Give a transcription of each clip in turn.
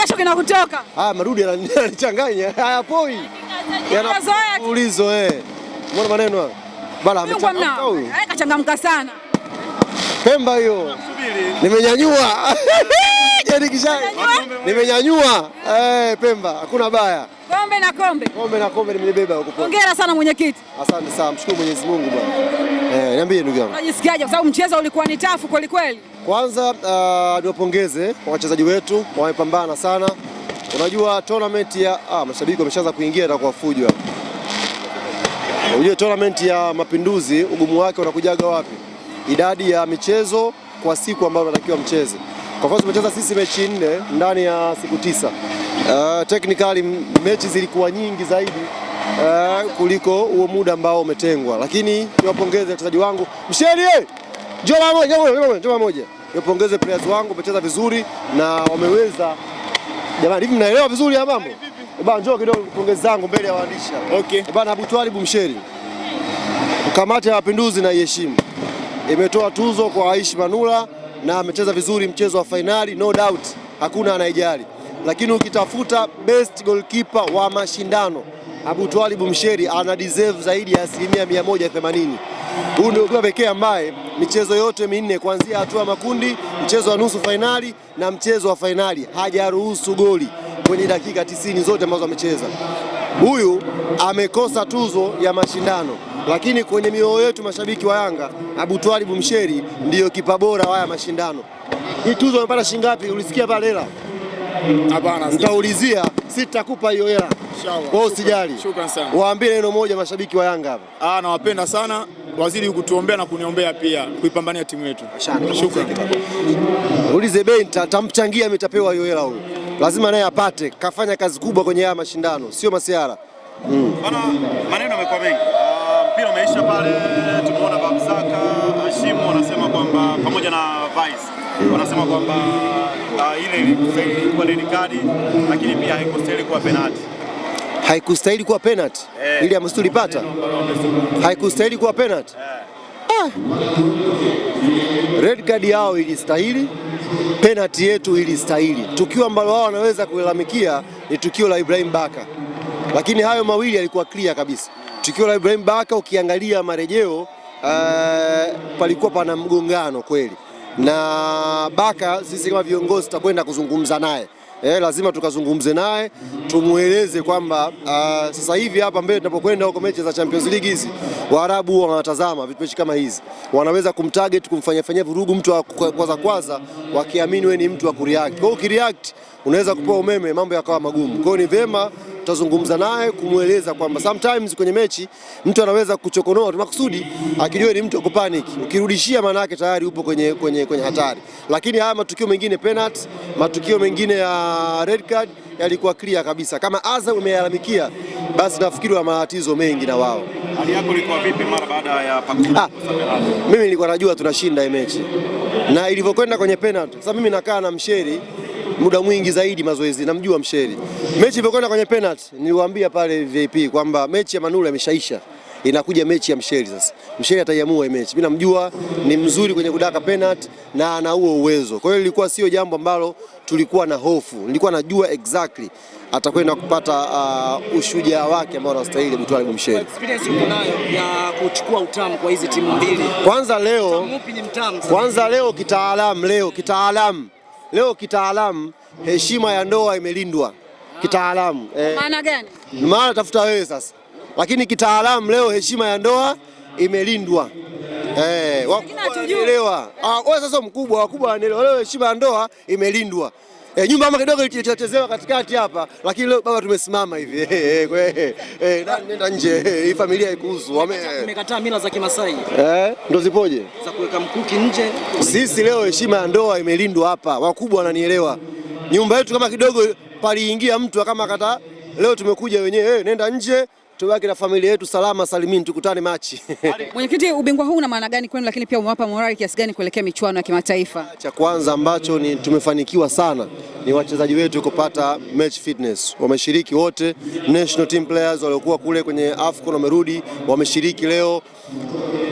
jasho kinakutoka. Ah, marudi ananichanganya. Haya poi. Ulizo eh. Umeona maneno hayo? Bala amechangamka huyu. Haya eh, kachangamka sana. Pemba hiyo. Nimenyanyua. Nimenyanyua. Eh, Pemba hakuna baya. Kombe na kombe. Kombe na kombe nimelibeba huko. Hongera sana mwenyekiti. Asante sana. Mshukuru Mwenyezi Mungu bwana. Eh, niambie ndugu yangu. Unajisikiaje kwa sababu mchezo ulikuwa ni tafu kweli kweli? Kwanza uh, niwapongeze kwa wachezaji wetu, wamepambana sana. Unajua tournament ya ah, mashabiki wameshaanza kuingia na kuwafuja. Unajua tournament ya Mapinduzi ugumu wake unakujaga wapi? Idadi ya michezo kwa siku ambayo unatakiwa mcheze. Kwa mfano tumecheza sisi mechi nne ndani ya siku tisa. Uh, technically mechi zilikuwa nyingi zaidi uh, kuliko huo muda ambao umetengwa, lakini niwapongeze wachezaji wangu msheni Njoma moja, njoma moja. Nipongeze players wangu wamecheza vizuri na wameweza. Jamani, hivi mnaelewa vizuri ya mambo? Eh, Bwana, njoo kidogo pongezi zangu mbele ya waandishi. Okay. Eh, Bwana Abu Twalib Msheri. Kamati ya Mapinduzi na iheshimu imetoa tuzo kwa Aishi Manula na amecheza vizuri mchezo wa fainali, no doubt hakuna anayejali, lakini ukitafuta best goalkeeper wa mashindano Abu Twalibu Msheri ana deserve zaidi ya asilimia 180. Huyu ndio kwa pekee ambaye michezo yote minne kuanzia hatua makundi, mchezo wa nusu fainali na mchezo wa fainali hajaruhusu goli kwenye dakika 90 zote ambazo amecheza. Huyu amekosa tuzo ya mashindano, lakini kwenye mioyo yetu mashabiki wa Yanga, Abu Twalibu Msheri ndiyo kipa bora wa haya mashindano. Hii tuzo amepata shilingi ngapi? Ulisikia pale hela? Hapana, nitaulizia, sitakupa hiyo hela. Wewe usijali, waambie neno moja mashabiki wa Yanga hapa. Ah, nawapenda sana, wazidi kutuombea na kuniombea pia, kuipambania timu yetu. Shukrani. Ulize bei, tamchangia mitapewa hiyo hela huyo, lazima naye apate, kafanya kazi kubwa kwenye haya mashindano, sio masiara. Mm. Bana, maneno yamekuwa mengi. Ah, mpira uh, umeisha pale, tumeona Babzaka Ashimu wanasema kwamba pamoja na Vice wanasema kwamba uh, ile ilikuwa red kadi lakini pia haikostahili kuwa penalti haikustahili kuwa penalty eh. Ile ambayo haikustahili kuwa penalty eh. Ah. Red card yao ilistahili, penati yetu ilistahili. Tukio ambalo wao wanaweza kulalamikia ni tukio la Ibrahim Baka, lakini hayo mawili yalikuwa clear kabisa. Tukio la Ibrahim Baka ukiangalia marejeo Uh, palikuwa pana mgongano kweli na Baka, sisi kama viongozi tutakwenda kuzungumza naye eh, lazima tukazungumze naye tumweleze kwamba uh, sasa hivi hapa mbele tunapokwenda huko mechi za Champions League hizi Waarabu wanatazama vitu mechi kama hizi, wanaweza kumtarget kumfanyafanyia vurugu mtu wa kwaza wakiamini wewe ni mtu wa kureact. Kwa hiyo ukireact unaweza kupewa umeme, mambo yakawa magumu. Kwa hiyo ni vyema tutazungumza naye kumweleza kwamba sometimes kwenye mechi mtu anaweza kuchokonoa makusudi akijua ni mtu wa kupanic, ukirudishia maana yake tayari upo kwenye, kwenye, kwenye hatari. Lakini haya matukio mengine penalty, matukio mengine ya red card yalikuwa clear kabisa. Kama Azam umeyalalamikia, basi nafikiri wa matatizo mengi na wao. Hali yako ilikuwa vipi mara baada ya ah? Mimi nilikuwa najua tunashinda mechi na ilivyokwenda kwenye penalty. Sasa mimi nakaa na msheri muda mwingi zaidi mazoezi, namjua Msheri. Mechi ilipokwenda kwenye penalty, niliwaambia pale VIP kwamba mechi ya Manula imeshaisha inakuja mechi ya Msheri sasa. Msheri ataiamua hii mechi. Mimi namjua ni mzuri kwenye kudaka penalty na ana huo uwezo. Kwa hiyo ilikuwa sio jambo ambalo tulikuwa na hofu. Nilikuwa najua exactly atakwenda kupata uh, ushujaa wake ambao anastahili mtwale Msheri. Experience nayo ya kuchukua utamu kwa hizi timu mbili. Kwanza leo, kwanza leo kitaalamu leo kitaalamu Leo kitaalamu heshima ya ndoa imelindwa kitaalamu. Eh, maana gani? Maana tafuta wewe sasa, lakini kitaalamu leo heshima ya ndoa imelindwa. Eh, wakubwa wanaelewa. Ah, wewe sasa mkubwa, wakubwa wanaelewa leo heshima ya ndoa imelindwa. E, nyumba ama kidogo ilichochezewa katikati hapa, lakini leo baba tumesimama hivi. Eh, eh, nenda nje, hii familia haikuuzwa. Wamekataa mila za Kimasai. Eh, ndo zipoje? Za kuweka mkuki nje. Sisi leo heshima ya ndoa imelindwa hapa, wakubwa wananielewa. Nyumba yetu kama kidogo paliingia mtu kama kata, leo tumekuja wenyewe, nenda nje tubaki na familia yetu salama salimini, tukutane Machi. Mwenyekiti, ubingwa huu una maana gani kwenu, lakini pia umewapa morali kiasi gani kuelekea michuano ya kimataifa? Cha kwanza ambacho ni tumefanikiwa sana ni wachezaji wetu kupata match fitness, wameshiriki wote national team players waliokuwa kule kwenye AFCON wamerudi, wameshiriki leo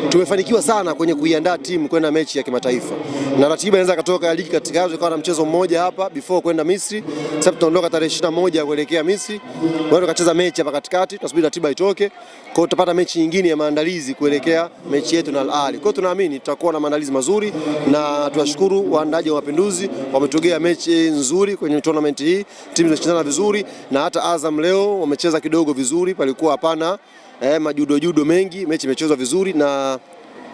tumefanikiwa sana kwenye kuiandaa timu kwenda mechi ya kimataifa, na ratiba inaweza katoka ya ligi katika katikati ikawa na mchezo mmoja hapa before kwenda Misri. Sasa tutaondoka tarehe 21 kuelekea Misri, wao tukacheza mechi hapa katikati, tunasubiri ratiba itoke, kwa hiyo tutapata mechi nyingine ya maandalizi kuelekea mechi yetu na Al Ahly. Kwa hiyo tunaamini tutakuwa na maandalizi mazuri, na tunashukuru waandaji wa Mapinduzi wametugea mechi nzuri kwenye tournament hii, timu zinashindana vizuri, na hata Azam leo wamecheza kidogo vizuri, palikuwa hapana eh, majudojudo mengi, mechi imechezwa vizuri na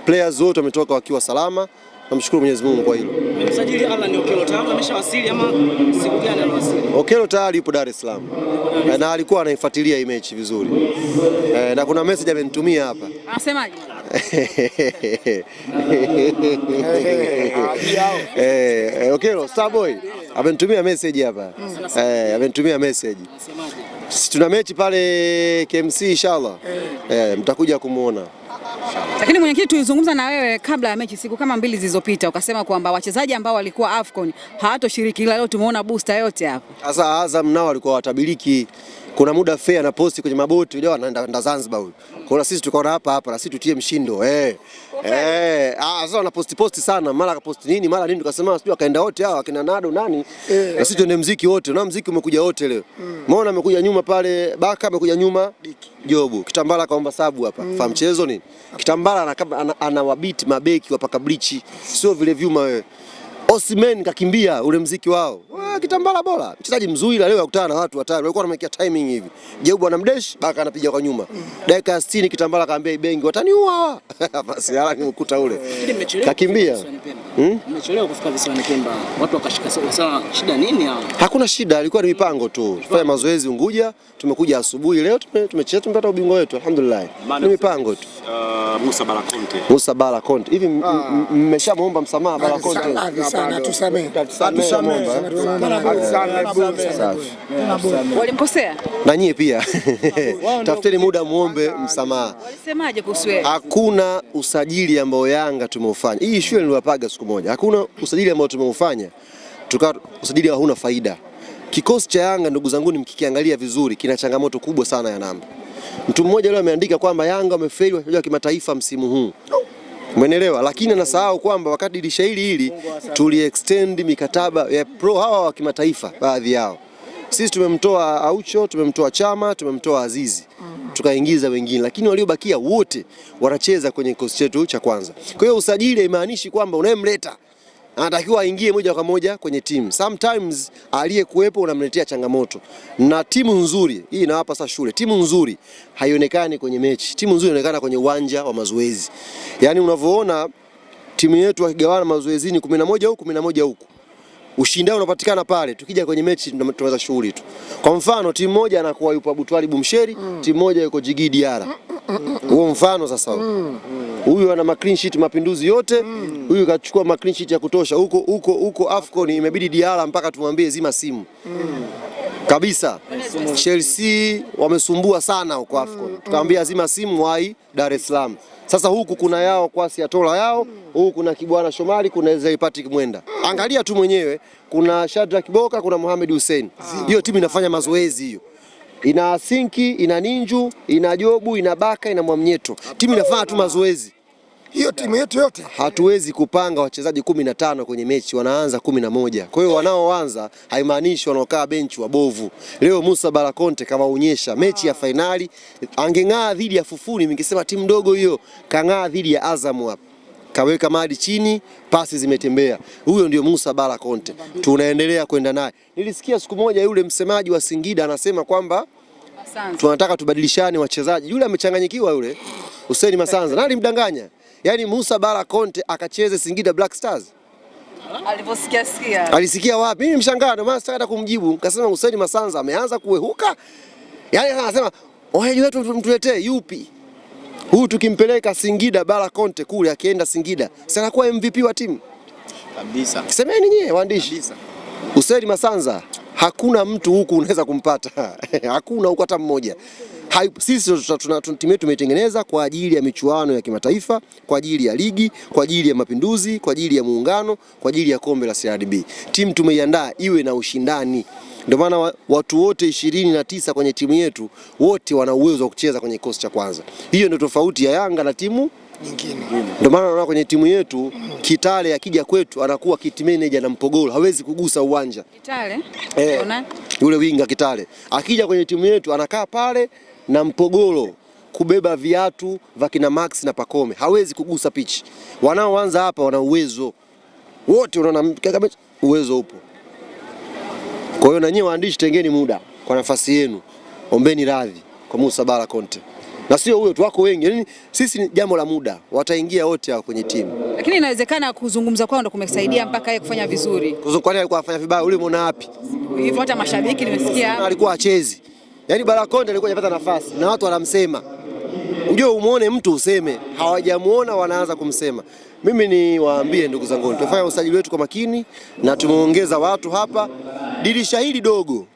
players wote wametoka wakiwa salama. Namshukuru Mwenyezi Mungu kwa hilo. Msajili Alan Okelo tayari ameshawasili ama siku gani anawasili? Okelo tayari yupo Dar es Salaam. Eh, na alikuwa anaifuatilia hii mechi vizuri. Eh, na kuna message amenitumia hapa. Anasemaje? Eh, eh Okelo Starboy amenitumia message hapa. Eh, amenitumia message. Anasemaje? Sisi tuna mechi pale KMC inshallah. Eh. eh, mtakuja kumuona. Lakini mwenyekiti, tulizungumza na wewe kabla ya mechi siku kama mbili zilizopita, ukasema kwamba wachezaji ambao walikuwa Afcon hawatoshiriki, ila leo tumeona booster yote hapo. Sasa Azam nao walikuwa watabiliki kuna muda fair na posti kwenye maboti leo anaenda Zanzibar huyo. Kwa hiyo sisi tukaona hapa hapa na sisi tutie mshindo eh. Eh, ah sasa ana posti posti sana, mara kaposti nini, mara nini tukasema sijui akaenda wote hao akina Nado nani. Eh. Na sisi tuende mziki wote, na mziki umekuja wote leo. Mm. Umeona mm. amekuja nyuma pale Baka amekuja nyuma Diki. Jobu. Kitambala kaomba sabu hapa. Mm. Fahamu mchezo nini? Kitambala anawabiti mabeki wapaka blichi. Sio vile vyuma wewe. Osimen kakimbia ule mziki wao. Ah, kitambala bora mchezaji mzuri leo, akutana na watu watano walikuwa wanamwekea timing hivi, jeu bwana mdesh baka anapiga kwa nyuma dakika 60 Kitambala kaambia Ibengi wataniua. basi hala nimekuta ule kakimbia hmm? Hakuna shida, ilikuwa ni mipango tu, Tufanye mazoezi Unguja, tumekuja asubuhi leo tumepata ubingwa wetu alhamdulillah, ni mipango tu uh... Musa Barakonte. Musa Barakonte. Hivi ah. mmeshamuomba msamaha Barakonte? Walimkosea? Na nyie pia. Tafuteni muda muombe msamaha. Walisemaje kuhusu yeye? Hakuna usajili ambao Yanga tumeufanya. Hii shule niliwapaga siku moja. Hakuna usajili ambao tumeufanya. Tukawa usajili hauna faida. Kikosi cha Yanga ndugu zangu, mkikiangalia vizuri, kina changamoto kubwa sana ya namba. Mtu mmoja leo ameandika kwamba Yanga wamefeli wachezaji wa kimataifa msimu huu. Umeelewa? Lakini anasahau kwamba wakati dirisha hili hili extend mikataba ya pro hawa wa kimataifa baadhi yao. Sisi tumemtoa Aucho, tumemtoa Chama, tumemtoa Azizi. Mhm. Tukaingiza wengine lakini waliobakia wote wanacheza kwenye kikosi chetu cha kwanza. Kwa hiyo usajili haimaanishi kwamba unayemleta anatakiwa aingie moja kwa moja kwenye timu. Sometimes aliyekuwepo unamletea changamoto, na timu nzuri hii inawapa sasa shule. Timu nzuri haionekani kwenye mechi, timu nzuri inaonekana kwenye uwanja wa mazoezi. Yaani unavyoona timu yetu akigawana mazoezini kumi na moja huku kumi na moja huku ushindani unapatikana pale. Tukija kwenye mechi tunaweza shughuli tu. Kwa mfano timu moja anakuwa yupo Abutwali Bumsheri, mm. timu moja yuko Jigi Diara mm, mm, mm, huo mfano sasa, huyu ana clean sheet mapinduzi yote, huyu kachukua ma clean sheet ya kutosha huko huko huko. Afcon imebidi Diara mpaka tumwambie zima simu mm. kabisa. Chelsea wamesumbua sana huko Afcon, tukamwambia zima simu wai Dar es Salaam. Sasa huku kuna yao Kwasi tola yao, huku kuna Kibwana Shomari, kuna Zai Patrick Mwenda. Angalia tu mwenyewe, kuna Shadrack Boka, kuna Mohamed Hussein. Ah. Hiyo timu inafanya mazoezi hiyo ina Sinki, ina Ninju, ina Jobu, ina Baka, ina Mwamnyeto. Timu inafanya tu mazoezi hiyo timu yetu yote hatuwezi kupanga wachezaji kumi na tano kwenye mechi, wanaanza kumi na moja. Kwa hiyo wanaoanza haimaanishi wanaokaa benchi wabovu. Leo Musa Barakonte kawaonyesha mechi ya ah. fainali, angeng'aa dhidi ya Fufuni, ningesema timu ndogo hiyo, kang'aa dhidi ya Azam hapa kaweka madi chini, pasi zimetembea. Huyo ndio Musa Bala Conte, tunaendelea kwenda naye. Nilisikia siku moja yule msemaji wa Singida anasema kwamba tunataka tubadilishane wachezaji. Yule amechanganyikiwa yule Hussein Masanza, nani mdanganya? Yaani Musa Bara Conte akacheze Singida Black Stars. Aliposikia sikia. Alisikia wapi? Mimi nimshangaa ndio maana hata kumjibu. Nikasema Hussein Masanza ameanza kuwehuka. Yaani anasema waheji wetu mtuletee yupi? Huyu tukimpeleka Singida Bara Conte kule akienda Singida, si anakuwa MVP wa timu? Kabisa. Semeni nyie waandishi. Kabisa. Hussein Masanza hakuna mtu huku unaweza kumpata. hakuna huku hata mmoja sisi timu yetu tumeitengeneza kwa ajili ya michuano ya kimataifa, kwa ajili ya ligi, kwa ajili ya mapinduzi, kwa ajili ya muungano, kwa ajili ya kombe la CRDB. Timu tumeiandaa iwe na ushindani. Ndio maana watu wote ishirini na tisa kwenye timu yetu wote wana uwezo wa kucheza kwenye kikosi cha kwanza. Hiyo ndio tofauti ya Yanga na timu nyingine. Ndio maana unaona kwenye timu yetu Kitale akija kwetu anakuwa kit manager na mpogoro hawezi kugusa uwanja. Kitale. Eh, yule winga Kitale akija kwenye timu yetu anakaa pale na Mpogolo kubeba viatu vya kina Max na Pakome, hawezi kugusa pichi. Wanaoanza hapa wana uwezo wote, unaona uwezo upo. Kwa hiyo na nyie waandishi, tengeni muda kwa nafasi yenu, ombeni radhi kwa Musa Bala Conte na sio huyo tu, wako wengi. Yani sisi ni jambo la muda, wataingia wote hao kwenye timu, lakini inawezekana kuzungumza kwao ndo kumesaidia mm. mpaka yeye kufanya vizuri. Kuzungumza Kwani alikuwa afanya vibaya? Ulimwona wapi hivyo? Hata mashabiki nimesikia alikuwa achezi Yaani Barakonda alikuwa hajapata nafasi na watu wanamsema. Unajua umuone mtu useme, hawajamuona wanaanza kumsema. Mimi ni waambie ndugu zangu, tufanye usajili wetu kwa makini na tumeongeza watu hapa. Dirisha hili dogo,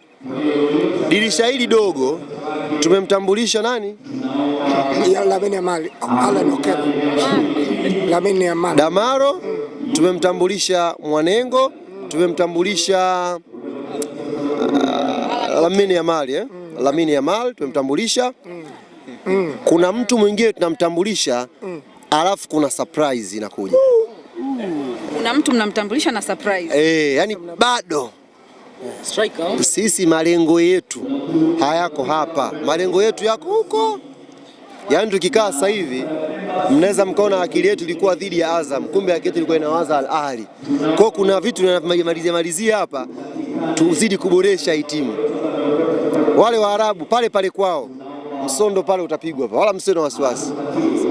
dirisha hili dogo tumemtambulisha nani? Damaro tumemtambulisha Mwanengo, tumemtambulisha uh, Lamine mali eh? Lamine Yamal tumemtambulisha, kuna mtu mwingine tunamtambulisha, alafu kuna surprise inakuja. Kuna mtu mnamtambulisha na surprise. Eh, yani bado Striker. Sisi malengo yetu hayako hapa, malengo yetu yako huko. Yaani tukikaa sasa hivi mnaweza mkaona akili yetu ilikuwa dhidi ya Azam, kumbe akili yetu ilikuwa inawaza Al Ahly. Kwa kuna vitu tunamalizia malizia hapa, tuzidi kuboresha hii timu wale Waarabu pale pale kwao msondo pale utapigwa, wala msiwe na wasiwasi,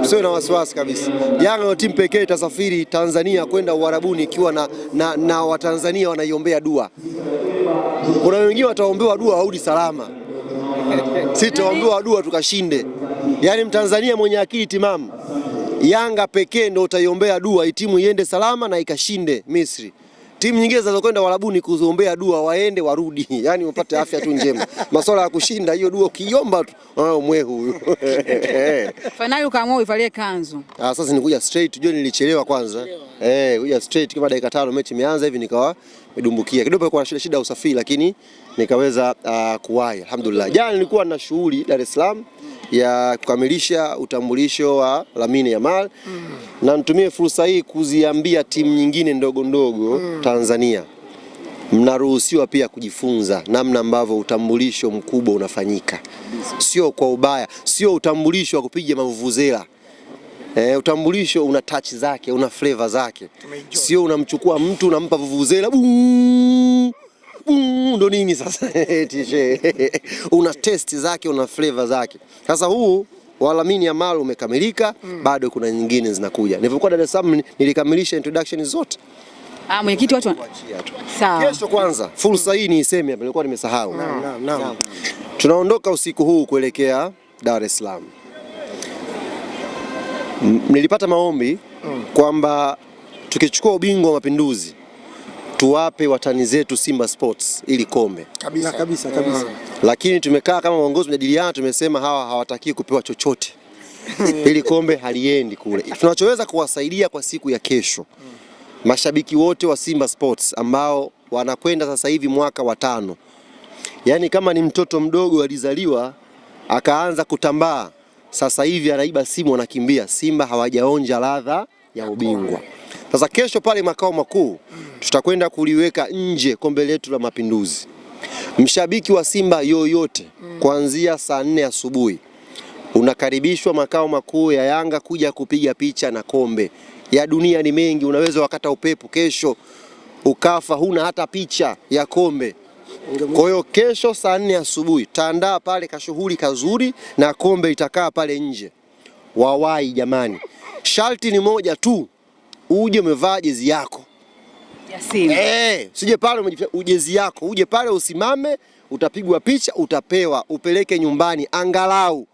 msiwe na wasiwasi kabisa. Yanga ndio timu pekee itasafiri Tanzania kwenda Uarabuni ikiwa na, na, na Watanzania wanaiombea dua. Kuna wengine wataombewa dua warudi salama, sisi tutaombewa dua tukashinde. Yaani mtanzania mwenye akili timamu, Yanga pekee ndio utaiombea dua itimu iende salama na ikashinde Misri timu nyingine zinazokwenda warabuni kuzombea dua waende warudi, yani wapate afya tu njema. Masuala ya kushinda, hiyo dua ukiomba tu wao ah, mwe huyu ukaamua uivalie kanzu. Ah, sasa nikuja straight, jua nilichelewa kwanza eh, kuja straight kama dakika tano mechi imeanza hivi nikawa medumbukia kidogo, ilikuwa na shida shida usafiri, lakini nikaweza uh, ah, kuwahi alhamdulillah. Jana nilikuwa na shughuli Dar es Salaam ya kukamilisha utambulisho wa Lamine Yamal mm. na nitumie fursa hii kuziambia timu nyingine ndogo ndogo mm. Tanzania, mnaruhusiwa pia kujifunza namna ambavyo utambulisho mkubwa unafanyika, sio kwa ubaya, sio utambulisho wa kupiga mavuvuzela. E, utambulisho una touch zake, una flavor zake, sio unamchukua mtu unampa vuvuzela huu ndo nini sasa? Tishe. Una test zake, una flavor zake. Sasa huu walamini amalo umekamilika mm. Bado kuna nyingine zinakuja. Nilipokuwa Dar es Salaam nilikamilisha introduction zote. Ah, mwenyekiti watu sawa. Kesho kwanza fursa hii ni iseme hapa, nilikuwa nimesahau. Naam, naam, naam. Tunaondoka usiku huu kuelekea Dar es Salaam. Nilipata maombi mm. kwamba tukichukua ubingwa wa mapinduzi tuwape watani zetu Simba Sports ili kombe kabisa, kabisa, kabisa. Mm. Lakini tumekaa kama uongozi mjadiliana, tumesema hawa hawatakii kupewa chochote ili kombe haliendi kule. Tunachoweza kuwasaidia kwa siku ya kesho, mm. mashabiki wote wa Simba Sports ambao wanakwenda sasa hivi mwaka wa tano, yaani kama ni mtoto mdogo alizaliwa akaanza kutambaa, sasa hivi anaiba simu, anakimbia. Simba hawajaonja ladha ya ubingwa. Sasa kesho pale makao makuu tutakwenda kuliweka nje kombe letu la Mapinduzi. Mshabiki wa Simba yoyote kuanzia saa nne asubuhi unakaribishwa makao makuu ya Yanga kuja kupiga picha na kombe. Ya dunia ni mengi, unaweza wakata upepo kesho ukafa huna hata picha ya kombe. Kwa hiyo kesho saa nne asubuhi taandaa pale kashughuli kazuri na kombe itakaa pale nje. Wawai jamani. Sharti ni moja tu, uje umevaa jezi yako Eh, sije pale ujezi yako, uje pale usimame, utapigwa picha, utapewa, upeleke nyumbani angalau.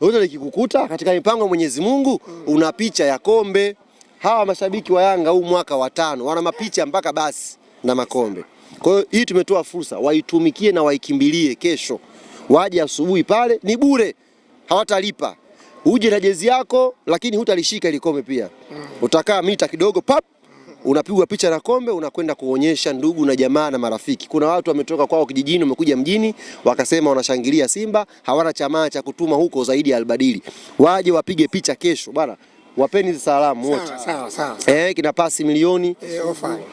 Lolote likikukuta katika mipango ya Mwenyezi Mungu, una picha ya kombe. Hawa mashabiki wa Yanga huu mwaka wa tano wana mapicha mpaka basi na makombe. Kwa hiyo hii tumetoa fursa, waitumikie na waikimbilie. Kesho waje asubuhi pale, ni bure, hawatalipa uje na jezi yako, lakini hutalishika ile kombe pia. Mm. Utakaa mita kidogo pap, unapigwa picha na kombe, unakwenda kuonyesha ndugu na jamaa na marafiki. Kuna watu wametoka kwao kijijini, wamekuja mjini, wakasema wanashangilia Simba, hawana chamaa cha kutuma huko zaidi ya Albadili, waje wapige picha kesho bana wapeni salamu wote. Sawa sawa. Eh, kina pasi milioni e,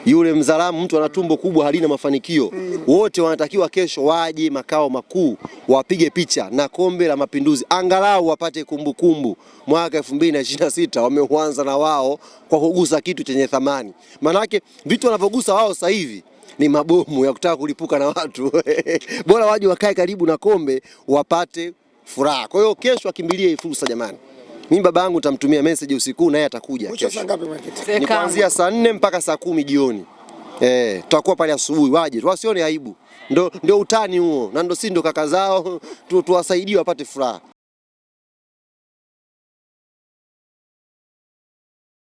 yule mzalamu mtu ana tumbo kubwa halina mafanikio mm. Wote wanatakiwa kesho waje makao makuu wapige picha na kombe la mapinduzi angalau wapate kumbukumbu mwaka 2026 wameuanza na wao kwa kugusa kitu chenye thamani. Manake vitu wanavyogusa wao sasa hivi ni mabomu ya kutaka kulipuka na watu bora waje wakae karibu na kombe wapate furaha. Kwa hiyo kesho akimbilie fursa jamani. Mimi baba yangu nitamtumia message usiku naye atakuja kesho. Ni kuanzia saa nne mpaka saa kumi jioni. Eh, tutakuwa pale asubuhi waje. Wasione aibu. Ndio ndio utani huo na ndio si ndio kaka zao tuwasaidie wapate furaha.